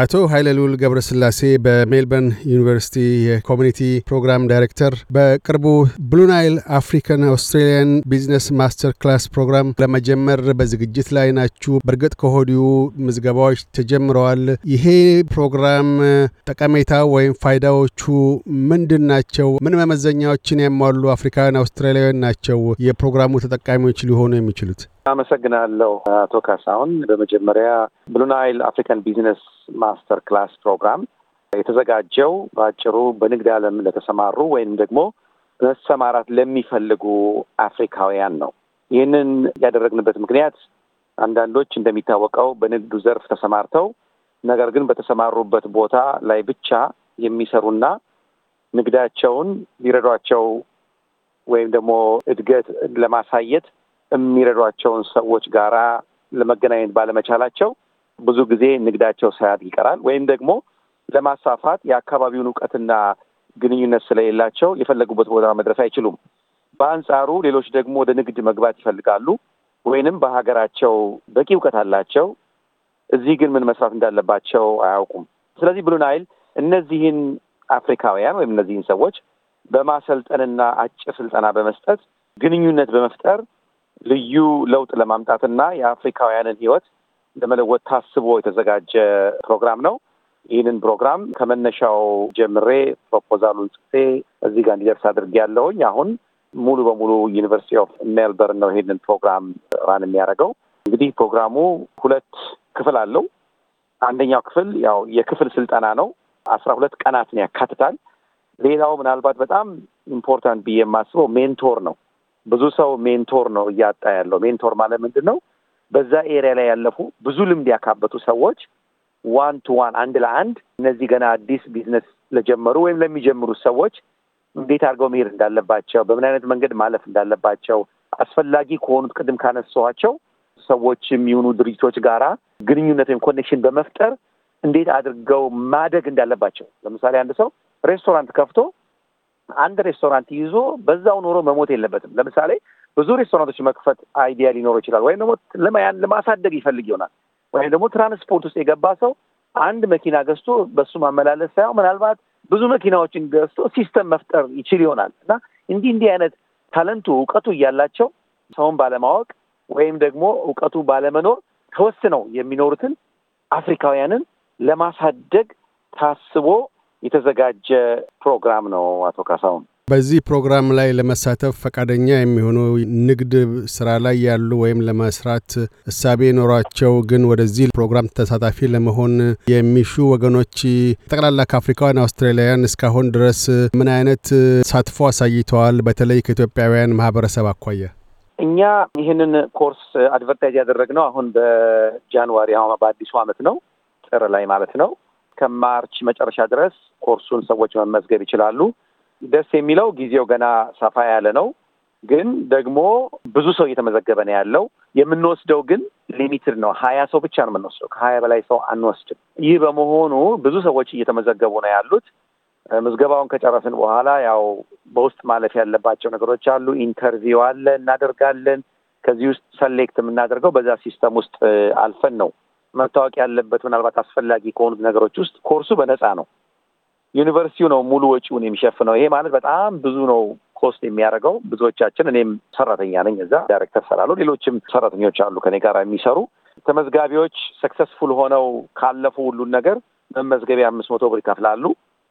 አቶ ኃይለሉል ገብረስላሴ በሜልበርን ዩኒቨርሲቲ የኮሚኒቲ ፕሮግራም ዳይሬክተር፣ በቅርቡ ብሉናይል አፍሪካን አውስትራሊያን ቢዝነስ ማስተር ክላስ ፕሮግራም ለመጀመር በዝግጅት ላይ ናችሁ። በእርግጥ ከሆዲሁ ምዝገባዎች ተጀምረዋል። ይሄ ፕሮግራም ጠቀሜታ ወይም ፋይዳዎቹ ምንድን ናቸው? ምን መመዘኛዎችን ያሟሉ አፍሪካውያን አውስትራሊያውያን ናቸው የፕሮግራሙ ተጠቃሚዎች ሊሆኑ የሚችሉት? አመሰግናለሁ አቶ ካሳሁን። በመጀመሪያ ብሉናይል አፍሪካን ቢዝነስ ማስተር ክላስ ፕሮግራም የተዘጋጀው በአጭሩ በንግድ ዓለም ለተሰማሩ ወይም ደግሞ መሰማራት ለሚፈልጉ አፍሪካውያን ነው። ይህንን ያደረግንበት ምክንያት አንዳንዶች እንደሚታወቀው በንግዱ ዘርፍ ተሰማርተው ነገር ግን በተሰማሩበት ቦታ ላይ ብቻ የሚሰሩና ንግዳቸውን ሊረዷቸው ወይም ደግሞ እድገት ለማሳየት የሚረዷቸውን ሰዎች ጋራ ለመገናኘት ባለመቻላቸው ብዙ ጊዜ ንግዳቸው ሳያድግ ይቀራል። ወይም ደግሞ ለማስፋፋት የአካባቢውን እውቀትና ግንኙነት ስለሌላቸው የፈለጉበት ቦታ መድረስ አይችሉም። በአንጻሩ ሌሎች ደግሞ ወደ ንግድ መግባት ይፈልጋሉ፣ ወይንም በሀገራቸው በቂ እውቀት አላቸው፣ እዚህ ግን ምን መስራት እንዳለባቸው አያውቁም። ስለዚህ ብሉ ናይል እነዚህን አፍሪካውያን ወይም እነዚህን ሰዎች በማሰልጠንና አጭር ስልጠና በመስጠት ግንኙነት በመፍጠር ልዩ ለውጥ ለማምጣትና የአፍሪካውያንን ህይወት ለመለወጥ ታስቦ የተዘጋጀ ፕሮግራም ነው። ይህንን ፕሮግራም ከመነሻው ጀምሬ ፕሮፖዛሉን ጽፌ እዚህ ጋር እንዲደርስ አድርጌ ያለውኝ አሁን ሙሉ በሙሉ ዩኒቨርሲቲ ኦፍ ሜልበርን ነው ይህንን ፕሮግራም ራን የሚያደርገው። እንግዲህ ፕሮግራሙ ሁለት ክፍል አለው። አንደኛው ክፍል ያው የክፍል ስልጠና ነው። አስራ ሁለት ቀናትን ያካትታል። ሌላው ምናልባት በጣም ኢምፖርታንት ብዬ የማስበው ሜንቶር ነው። ብዙ ሰው ሜንቶር ነው እያጣ ያለው። ሜንቶር ማለት ምንድን ነው? በዛ ኤሪያ ላይ ያለፉ ብዙ ልምድ ያካበቱ ሰዎች ዋን ቱ ዋን፣ አንድ ለአንድ እነዚህ ገና አዲስ ቢዝነስ ለጀመሩ ወይም ለሚጀምሩ ሰዎች እንዴት አድርገው መሄድ እንዳለባቸው፣ በምን አይነት መንገድ ማለፍ እንዳለባቸው አስፈላጊ ከሆኑት ቅድም ካነሷቸው ሰዎች የሚሆኑ ድርጅቶች ጋራ ግንኙነት ወይም ኮኔክሽን በመፍጠር እንዴት አድርገው ማደግ እንዳለባቸው። ለምሳሌ አንድ ሰው ሬስቶራንት ከፍቶ አንድ ሬስቶራንት ይዞ በዛው ኑሮ መሞት የለበትም። ለምሳሌ ብዙ ሬስቶራንቶች መክፈት አይዲያ ሊኖረው ይችላል። ወይም ደግሞ ለማያን ለማሳደግ ይፈልግ ይሆናል። ወይም ደግሞ ትራንስፖርት ውስጥ የገባ ሰው አንድ መኪና ገዝቶ በሱ ማመላለስ ሳይሆን ምናልባት ብዙ መኪናዎችን ገዝቶ ሲስተም መፍጠር ይችል ይሆናል እና እንዲህ እንዲህ አይነት ታለንቱ እውቀቱ እያላቸው ሰውን ባለማወቅ ወይም ደግሞ እውቀቱ ባለመኖር ተወስነው የሚኖሩትን አፍሪካውያንን ለማሳደግ ታስቦ የተዘጋጀ ፕሮግራም ነው። አቶ ካሳሁን በዚህ ፕሮግራም ላይ ለመሳተፍ ፈቃደኛ የሚሆኑ ንግድ ስራ ላይ ያሉ ወይም ለመስራት እሳቤ ኖሯቸው ግን ወደዚህ ፕሮግራም ተሳታፊ ለመሆን የሚሹ ወገኖች ጠቅላላ ከአፍሪካውያን አውስትራሊያውያን እስካሁን ድረስ ምን አይነት ተሳትፎ አሳይተዋል? በተለይ ከኢትዮጵያውያን ማህበረሰብ አኳያ እኛ ይህንን ኮርስ አድቨርታይዝ ያደረግነው አሁን በጃንዋሪ በአዲሱ አመት ነው ጥር ላይ ማለት ነው እስከ ማርች መጨረሻ ድረስ ኮርሱን ሰዎች መመዝገብ ይችላሉ። ደስ የሚለው ጊዜው ገና ሰፋ ያለ ነው፣ ግን ደግሞ ብዙ ሰው እየተመዘገበ ነው ያለው። የምንወስደው ግን ሊሚትድ ነው። ሀያ ሰው ብቻ ነው የምንወስደው። ከሀያ በላይ ሰው አንወስድም። ይህ በመሆኑ ብዙ ሰዎች እየተመዘገቡ ነው ያሉት። ምዝገባውን ከጨረስን በኋላ ያው በውስጥ ማለፍ ያለባቸው ነገሮች አሉ። ኢንተርቪው አለ እናደርጋለን። ከዚህ ውስጥ ሰሌክት የምናደርገው በዛ ሲስተም ውስጥ አልፈን ነው መታወቅ ያለበት ምናልባት አስፈላጊ ከሆኑት ነገሮች ውስጥ ኮርሱ በነፃ ነው። ዩኒቨርሲቲው ነው ሙሉ ወጪውን የሚሸፍነው። ይሄ ማለት በጣም ብዙ ነው ኮስት የሚያደርገው። ብዙዎቻችን እኔም ሰራተኛ ነኝ እዛ ዳይሬክተር ሰራለሁ። ሌሎችም ሰራተኞች አሉ ከኔ ጋር የሚሰሩ ተመዝጋቢዎች ሰክሰስፉል ሆነው ካለፉ ሁሉን ነገር መመዝገቢያ አምስት መቶ ብር ይከፍላሉ።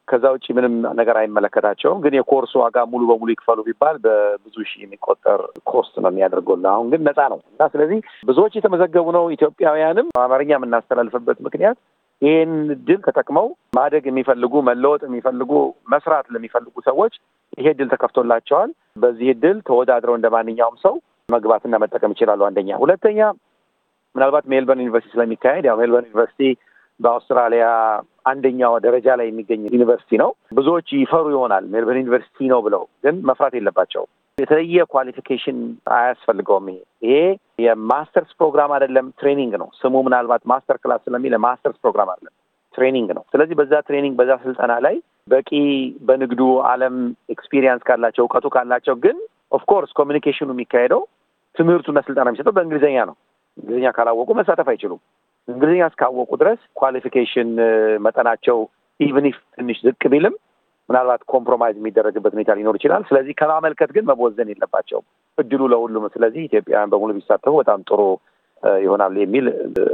ከዛ ውጭ ምንም ነገር አይመለከታቸውም። ግን የኮርስ ዋጋ ሙሉ በሙሉ ይክፈሉ ቢባል በብዙ ሺህ የሚቆጠር ኮስት ነው የሚያደርገው። አሁን ግን ነፃ ነው እና ስለዚህ ብዙዎች የተመዘገቡ ነው። ኢትዮጵያውያንም አማርኛ የምናስተላልፍበት ምክንያት ይህን እድል ተጠቅመው ማደግ የሚፈልጉ መለወጥ የሚፈልጉ መስራት ለሚፈልጉ ሰዎች ይሄ እድል ተከፍቶላቸዋል። በዚህ እድል ተወዳድረው እንደ ማንኛውም ሰው መግባትና መጠቀም ይችላሉ። አንደኛ። ሁለተኛ ምናልባት ሜልበርን ዩኒቨርሲቲ ስለሚካሄድ ያው ሜልበርን ዩኒቨርሲቲ በአውስትራሊያ አንደኛው ደረጃ ላይ የሚገኝ ዩኒቨርሲቲ ነው። ብዙዎች ይፈሩ ይሆናል ሜልበርን ዩኒቨርሲቲ ነው ብለው፣ ግን መፍራት የለባቸው። የተለየ ኳሊፊኬሽን አያስፈልገውም። ይሄ ይሄ የማስተርስ ፕሮግራም አይደለም፣ ትሬኒንግ ነው። ስሙ ምናልባት ማስተር ክላስ ስለሚል ማስተርስ ፕሮግራም አይደለም፣ ትሬኒንግ ነው። ስለዚህ በዛ ትሬኒንግ በዛ ስልጠና ላይ በቂ በንግዱ ዓለም ኤክስፒሪየንስ ካላቸው እውቀቱ ካላቸው ግን ኦፍኮርስ ኮሚኒኬሽኑ የሚካሄደው ትምህርቱና ስልጠና የሚሰጠው በእንግሊዝኛ ነው። እንግሊዝኛ ካላወቁ መሳተፍ አይችሉም። እንግሊዝኛ እስካወቁ ድረስ ኳሊፊኬሽን መጠናቸው ኢቭኒፍ ትንሽ ዝቅ ቢልም ምናልባት ኮምፕሮማይዝ የሚደረግበት ሁኔታ ሊኖር ይችላል። ስለዚህ ከማመልከት ግን መቦዘን የለባቸውም እድሉ ለሁሉም። ስለዚህ ኢትዮጵያውያን በሙሉ ቢሳተፉ በጣም ጥሩ ይሆናል የሚል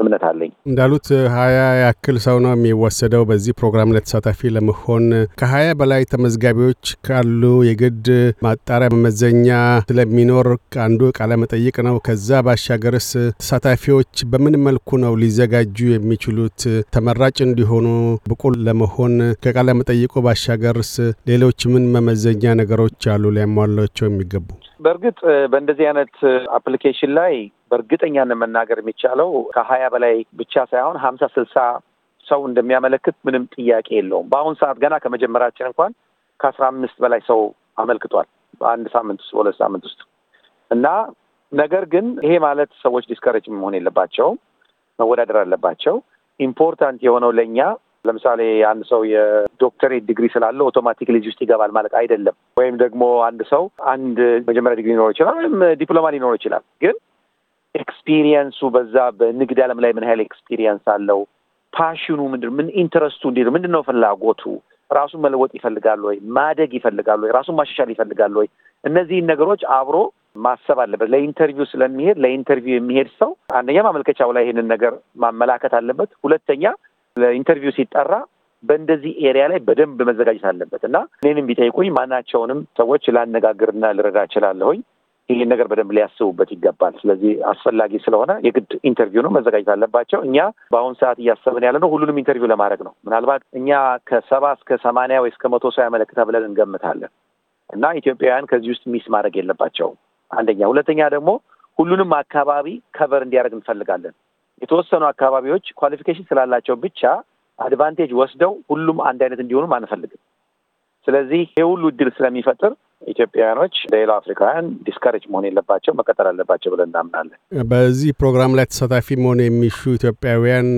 እምነት አለኝ። እንዳሉት ሀያ ያክል ሰው ነው የሚወሰደው በዚህ ፕሮግራም ላይ ተሳታፊ ለመሆን ከሀያ በላይ ተመዝጋቢዎች ካሉ የግድ ማጣሪያ መመዘኛ ስለሚኖር አንዱ ቃለ መጠይቅ ነው። ከዛ ባሻገርስ ተሳታፊዎች በምን መልኩ ነው ሊዘጋጁ የሚችሉት ተመራጭ እንዲሆኑ ብቁ ለመሆን? ከቃለ መጠይቁ ባሻገርስ ሌሎች ምን መመዘኛ ነገሮች አሉ ሊያሟላቸው የሚገቡ? በእርግጥ በእንደዚህ አይነት አፕሊኬሽን ላይ በእርግጠኛ መናገር የሚቻለው ከሀያ በላይ ብቻ ሳይሆን ሀምሳ ስልሳ ሰው እንደሚያመለክት ምንም ጥያቄ የለውም። በአሁኑ ሰዓት ገና ከመጀመራችን እንኳን ከአስራ አምስት በላይ ሰው አመልክቷል በአንድ ሳምንት ውስጥ በሁለት ሳምንት ውስጥ እና ነገር ግን ይሄ ማለት ሰዎች ዲስከረጅ መሆን የለባቸውም፣ መወዳደር አለባቸው። ኢምፖርታንት የሆነው ለእኛ ለምሳሌ አንድ ሰው የዶክተሬት ዲግሪ ስላለው ኦቶማቲክ ልጅ ውስጥ ይገባል ማለት አይደለም። ወይም ደግሞ አንድ ሰው አንድ መጀመሪያ ዲግሪ ሊኖረው ይችላል፣ ወይም ዲፕሎማ ሊኖረው ይችላል። ግን ኤክስፒሪየንሱ በዛ በንግድ ዓለም ላይ ምን ያህል ኤክስፒሪየንስ አለው? ፓሽኑ ምንድ ምን ኢንትረስቱ እንዲ ምንድን ነው ፍላጎቱ? ራሱን መለወጥ ይፈልጋል ወይ? ማደግ ይፈልጋል ወይ? ራሱን ማሻሻል ይፈልጋል ወይ? እነዚህን ነገሮች አብሮ ማሰብ አለበት። ለኢንተርቪው ስለሚሄድ ለኢንተርቪው የሚሄድ ሰው አንደኛ ማመልከቻው ላይ ይሄንን ነገር ማመላከት አለበት። ሁለተኛ ለኢንተርቪው ሲጠራ በእንደዚህ ኤሪያ ላይ በደንብ መዘጋጀት አለበት እና እኔንም ቢጠይቁኝ ማናቸውንም ሰዎች ላነጋግርና ልረዳ እችላለሁኝ። ይህን ነገር በደንብ ሊያስቡበት ይገባል። ስለዚህ አስፈላጊ ስለሆነ የግድ ኢንተርቪው ነው መዘጋጀት አለባቸው። እኛ በአሁኑ ሰዓት እያሰብን ያለ ነው ሁሉንም ኢንተርቪው ለማድረግ ነው። ምናልባት እኛ ከሰባ እስከ ሰማንያ ወይ እስከ መቶ ሰው ያመለክተ ብለን እንገምታለን እና ኢትዮጵያውያን ከዚህ ውስጥ ሚስ ማድረግ የለባቸውም። አንደኛ። ሁለተኛ ደግሞ ሁሉንም አካባቢ ከቨር እንዲያደርግ እንፈልጋለን። የተወሰኑ አካባቢዎች ኳሊፊኬሽን ስላላቸው ብቻ አድቫንቴጅ ወስደው ሁሉም አንድ አይነት እንዲሆኑም አንፈልግም። ስለዚህ ይህ ሁሉ እድል ስለሚፈጥር ኢትዮጵያውያኖች ለሌላ አፍሪካውያን ዲስካሬጅ መሆን የለባቸው መቀጠል አለባቸው ብለን እናምናለን። በዚህ ፕሮግራም ላይ ተሳታፊ መሆን የሚሹ ኢትዮጵያውያን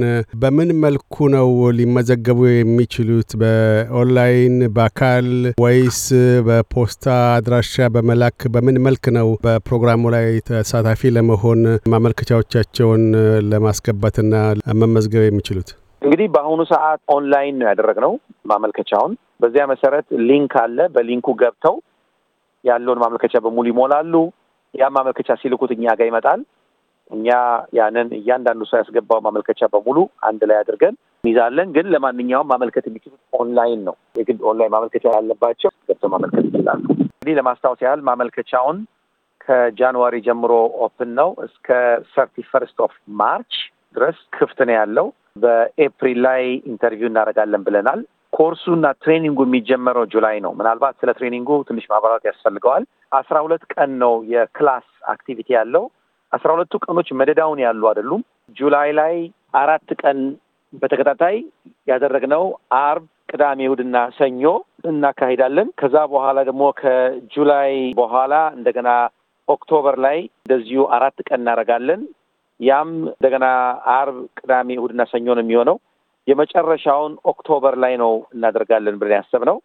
በምን መልኩ ነው ሊመዘገቡ የሚችሉት? በኦንላይን፣ በአካል ወይስ በፖስታ አድራሻ በመላክ በምን መልክ ነው በፕሮግራሙ ላይ ተሳታፊ ለመሆን ማመልከቻዎቻቸውን ለማስገባትና መመዝገብ የሚችሉት? እንግዲህ በአሁኑ ሰዓት ኦንላይን ነው ያደረግነው ማመልከቻውን። በዚያ መሰረት ሊንክ አለ። በሊንኩ ገብተው ያለውን ማመልከቻ በሙሉ ይሞላሉ። ያ ማመልከቻ ሲልኩት እኛ ጋር ይመጣል። እኛ ያንን እያንዳንዱ ሰው ያስገባው ማመልከቻ በሙሉ አንድ ላይ አድርገን ይዛለን። ግን ለማንኛውም ማመልከት የሚችሉት ኦንላይን ነው። የግድ ኦንላይን ማመልከቻ ያለባቸው ገብተው ማመልከት ይችላሉ። እንግዲህ ለማስታወስ ያህል ማመልከቻውን ከጃንዋሪ ጀምሮ ኦፕን ነው እስከ ሰርቲ ፈርስት ኦፍ ማርች ድረስ ክፍት ነው ያለው። በኤፕሪል ላይ ኢንተርቪው እናደርጋለን ብለናል። ኮርሱ እና ትሬኒንጉ የሚጀመረው ጁላይ ነው። ምናልባት ስለ ትሬኒንጉ ትንሽ ማብራራት ያስፈልገዋል። አስራ ሁለት ቀን ነው የክላስ አክቲቪቲ ያለው። አስራ ሁለቱ ቀኖች መደዳውን ያሉ አይደሉም። ጁላይ ላይ አራት ቀን በተከታታይ ያደረግነው አርብ፣ ቅዳሜ፣ እሁድና ሰኞ እናካሂዳለን። ከዛ በኋላ ደግሞ ከጁላይ በኋላ እንደገና ኦክቶበር ላይ እንደዚሁ አራት ቀን እናደርጋለን። ያም እንደገና አርብ፣ ቅዳሜ፣ እሁድና ሰኞ ነው የሚሆነው። የመጨረሻውን ኦክቶበር ላይ ነው እናደርጋለን ብለን ያሰብነው።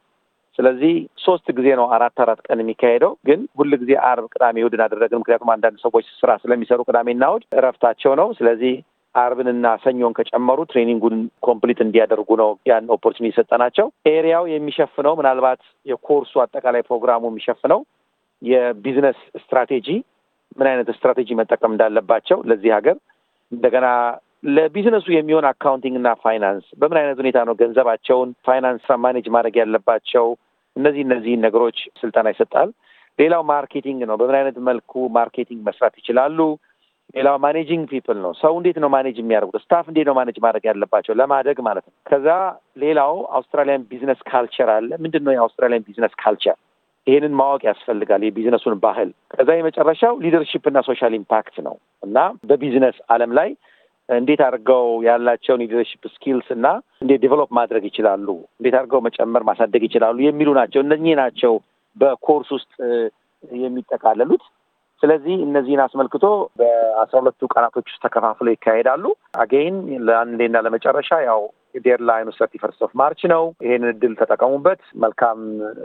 ስለዚህ ሶስት ጊዜ ነው አራት አራት ቀን የሚካሄደው። ግን ሁል ጊዜ አርብ፣ ቅዳሜ፣ እሑድን እናደረግን። ምክንያቱም አንዳንድ ሰዎች ስራ ስለሚሰሩ ቅዳሜና እሑድ እረፍታቸው ነው። ስለዚህ አርብንና ሰኞን ከጨመሩ ትሬኒንጉን ኮምፕሊት እንዲያደርጉ ነው ያን ኦፖርቹኒቲ የሰጠናቸው። ኤሪያው የሚሸፍነው ምናልባት የኮርሱ አጠቃላይ ፕሮግራሙ የሚሸፍነው የቢዝነስ ስትራቴጂ ምን አይነት ስትራቴጂ መጠቀም እንዳለባቸው ለዚህ ሀገር እንደገና ለቢዝነሱ የሚሆን አካውንቲንግ እና ፋይናንስ በምን አይነት ሁኔታ ነው ገንዘባቸውን ፋይናንስ ማኔጅ ማድረግ ያለባቸው፣ እነዚህ እነዚህን ነገሮች ስልጠና ይሰጣል። ሌላው ማርኬቲንግ ነው። በምን አይነት መልኩ ማርኬቲንግ መስራት ይችላሉ። ሌላው ማኔጂንግ ፒፕል ነው። ሰው እንዴት ነው ማኔጅ የሚያደርጉት? ስታፍ እንዴት ነው ማኔጅ ማድረግ ያለባቸው ለማደግ ማለት ነው። ከዛ ሌላው አውስትራሊያን ቢዝነስ ካልቸር አለ። ምንድን ነው የአውስትራሊያን ቢዝነስ ካልቸር? ይሄንን ማወቅ ያስፈልጋል፣ የቢዝነሱን ባህል። ከዛ የመጨረሻው ሊደርሺፕ እና ሶሻል ኢምፓክት ነው እና በቢዝነስ አለም ላይ እንዴት አድርገው ያላቸውን የሊደርሽፕ ስኪልስ እና እንዴት ዴቨሎፕ ማድረግ ይችላሉ፣ እንዴት አድርገው መጨመር ማሳደግ ይችላሉ የሚሉ ናቸው። እነኚህ ናቸው በኮርስ ውስጥ የሚጠቃለሉት። ስለዚህ እነዚህን አስመልክቶ በአስራ ሁለቱ ቀናቶች ውስጥ ተከፋፍለው ይካሄዳሉ። አገይን ለአንዴና ለመጨረሻ ያው ዴድላይኑ ሰርቲ ፈርስት ኦፍ ማርች ነው። ይሄንን እድል ተጠቀሙበት። መልካም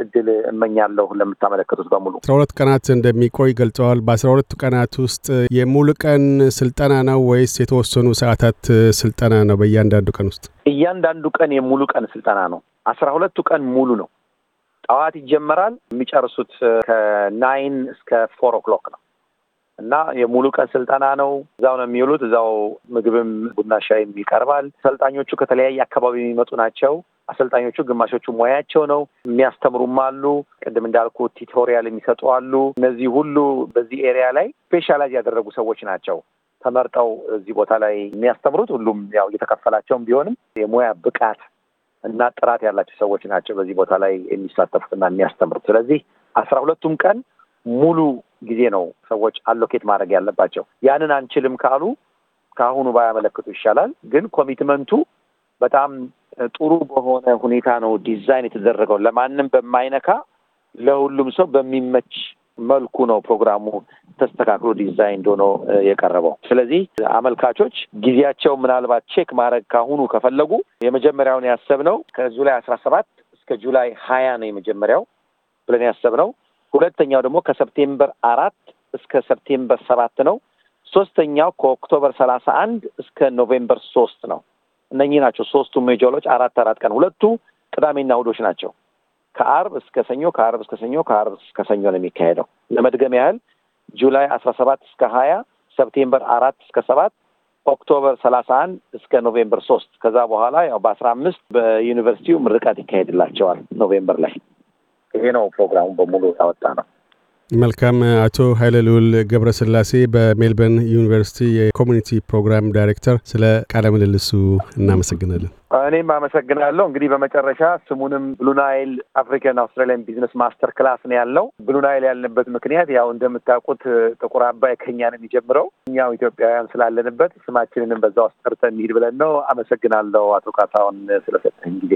እድል እመኛለሁ ለምታመለከቱት በሙሉ። አስራ ሁለት ቀናት እንደሚቆይ ገልጸዋል። በአስራ ሁለቱ ቀናት ውስጥ የሙሉ ቀን ስልጠና ነው ወይስ የተወሰኑ ሰዓታት ስልጠና ነው? በእያንዳንዱ ቀን ውስጥ እያንዳንዱ ቀን የሙሉ ቀን ስልጠና ነው። አስራ ሁለቱ ቀን ሙሉ ነው። ጠዋት ይጀመራል። የሚጨርሱት ከናይን እስከ ፎር ኦክሎክ ነው። እና የሙሉ ቀን ስልጠና ነው። እዛው ነው የሚውሉት። እዛው ምግብም ቡና ሻይም ይቀርባል። አሰልጣኞቹ ከተለያየ አካባቢ የሚመጡ ናቸው። አሰልጣኞቹ ግማሾቹ ሙያቸው ነው፣ የሚያስተምሩም አሉ። ቅድም እንዳልኩ ቲቶሪያል የሚሰጡ አሉ። እነዚህ ሁሉ በዚህ ኤሪያ ላይ ስፔሻላይዝ ያደረጉ ሰዎች ናቸው ተመርጠው እዚህ ቦታ ላይ የሚያስተምሩት። ሁሉም ያው እየተከፈላቸውም ቢሆንም የሙያ ብቃት እና ጥራት ያላቸው ሰዎች ናቸው በዚህ ቦታ ላይ የሚሳተፉትና የሚያስተምሩት። ስለዚህ አስራ ሁለቱም ቀን ሙሉ ጊዜ ነው ሰዎች አሎኬት ማድረግ ያለባቸው። ያንን አንችልም ካሉ ከአሁኑ ባያመለክቱ ይሻላል። ግን ኮሚትመንቱ በጣም ጥሩ በሆነ ሁኔታ ነው ዲዛይን የተደረገው። ለማንም በማይነካ ለሁሉም ሰው በሚመች መልኩ ነው ፕሮግራሙ ተስተካክሎ ዲዛይን እንደሆነ የቀረበው። ስለዚህ አመልካቾች ጊዜያቸው ምናልባት ቼክ ማድረግ ካሁኑ ከፈለጉ የመጀመሪያውን ያሰብነው ከጁላይ አስራ ሰባት እስከ ጁላይ ሀያ ነው የመጀመሪያው ብለን ያሰብነው ሁለተኛው ደግሞ ከሰፕቴምበር አራት እስከ ሰፕቴምበር ሰባት ነው። ሶስተኛው ከኦክቶበር ሰላሳ አንድ እስከ ኖቬምበር ሶስት ነው። እነኚህ ናቸው ሶስቱ ሜጆሎች አራት አራት ቀን ሁለቱ ቅዳሜና እሑዶች ናቸው። ከአርብ እስከ ሰኞ፣ ከአርብ እስከ ሰኞ፣ ከአርብ እስከ ሰኞ ነው የሚካሄደው። ለመድገም ያህል ጁላይ አስራ ሰባት እስከ ሀያ ሰፕቴምበር አራት እስከ ሰባት ኦክቶበር ሰላሳ አንድ እስከ ኖቬምበር ሶስት ከዛ በኋላ ያው በአስራ አምስት በዩኒቨርሲቲው ምርቃት ይካሄድላቸዋል ኖቬምበር ላይ ይሄ ነው ፕሮግራሙ በሙሉ ያወጣ ነው። መልካም። አቶ ኃይለ ልዑል ገብረስላሴ በሜልበርን ዩኒቨርሲቲ የኮሚኒቲ ፕሮግራም ዳይሬክተር፣ ስለ ቃለ ምልልሱ እናመሰግናለን። እኔም አመሰግናለሁ። እንግዲህ በመጨረሻ ስሙንም ብሉናይል አፍሪካን አውስትራሊያን ቢዝነስ ማስተር ክላስ ነው ያለው። ብሉናይል ያልንበት ምክንያት ያው እንደምታውቁት ጥቁር አባይ ከኛ ነው የሚጀምረው። እኛው ኢትዮጵያውያን ስላለንበት ስማችንንም በዛ ውስጥ ጠርተን እንሂድ ብለን ነው። አመሰግናለሁ አቶ ካሳሁን ስለሰጠኝ ጊዜ።